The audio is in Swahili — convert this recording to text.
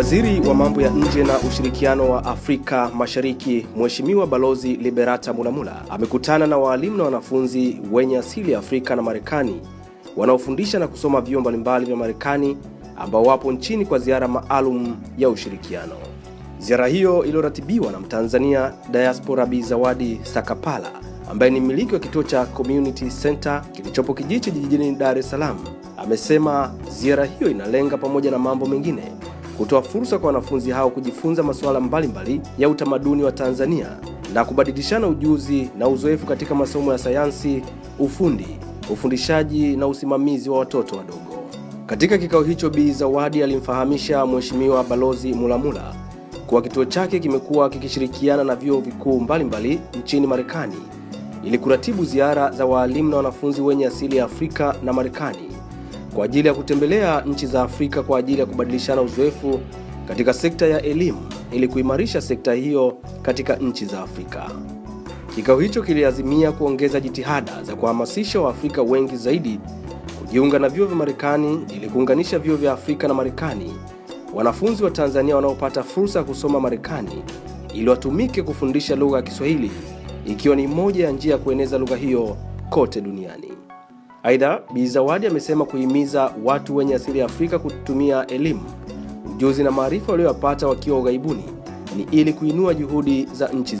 Waziri wa mambo ya nje na ushirikiano wa Afrika Mashariki, Mheshimiwa Balozi Liberata Mulamula amekutana na waalimu na wanafunzi wenye asili ya Afrika na Marekani wanaofundisha na kusoma vyuo mbalimbali vya Marekani ambao wapo nchini kwa ziara maalum ya ushirikiano. Ziara hiyo iliyoratibiwa na Mtanzania Diaspora Bi Zawadi Sakapala ambaye ni mmiliki wa kituo cha Community Center kilichopo Kijichi jijini Dar es Salaam amesema ziara hiyo inalenga pamoja na mambo mengine kutoa fursa kwa wanafunzi hao kujifunza masuala mbalimbali ya utamaduni wa Tanzania na kubadilishana ujuzi na uzoefu katika masomo ya sayansi, ufundi, ufundishaji na usimamizi wa watoto wadogo. Katika kikao hicho, Bi Zawadi alimfahamisha Mheshimiwa Balozi Mulamula kuwa kituo chake kimekuwa kikishirikiana na vyuo vikuu mbalimbali nchini Marekani ili kuratibu ziara za waalimu na wanafunzi wenye asili ya Afrika na Marekani kwa ajili ya kutembelea nchi za Afrika kwa ajili ya kubadilishana uzoefu katika sekta ya elimu ili kuimarisha sekta hiyo katika nchi za Afrika. Kikao hicho kiliazimia kuongeza jitihada za kuhamasisha Waafrika wengi zaidi kujiunga na vyuo vya Marekani ili kuunganisha vyuo vya Afrika na Marekani. Wanafunzi wa Tanzania wanaopata fursa ya kusoma Marekani ili watumike kufundisha lugha ya Kiswahili ikiwa ni moja ya njia ya kueneza lugha hiyo kote duniani. Aidha, Bi Zawadi amesema kuhimiza watu wenye asili ya Afrika kutumia elimu, ujuzi na maarifa walioyapata wakiwa ughaibuni ni ili kuinua juhudi za nchi.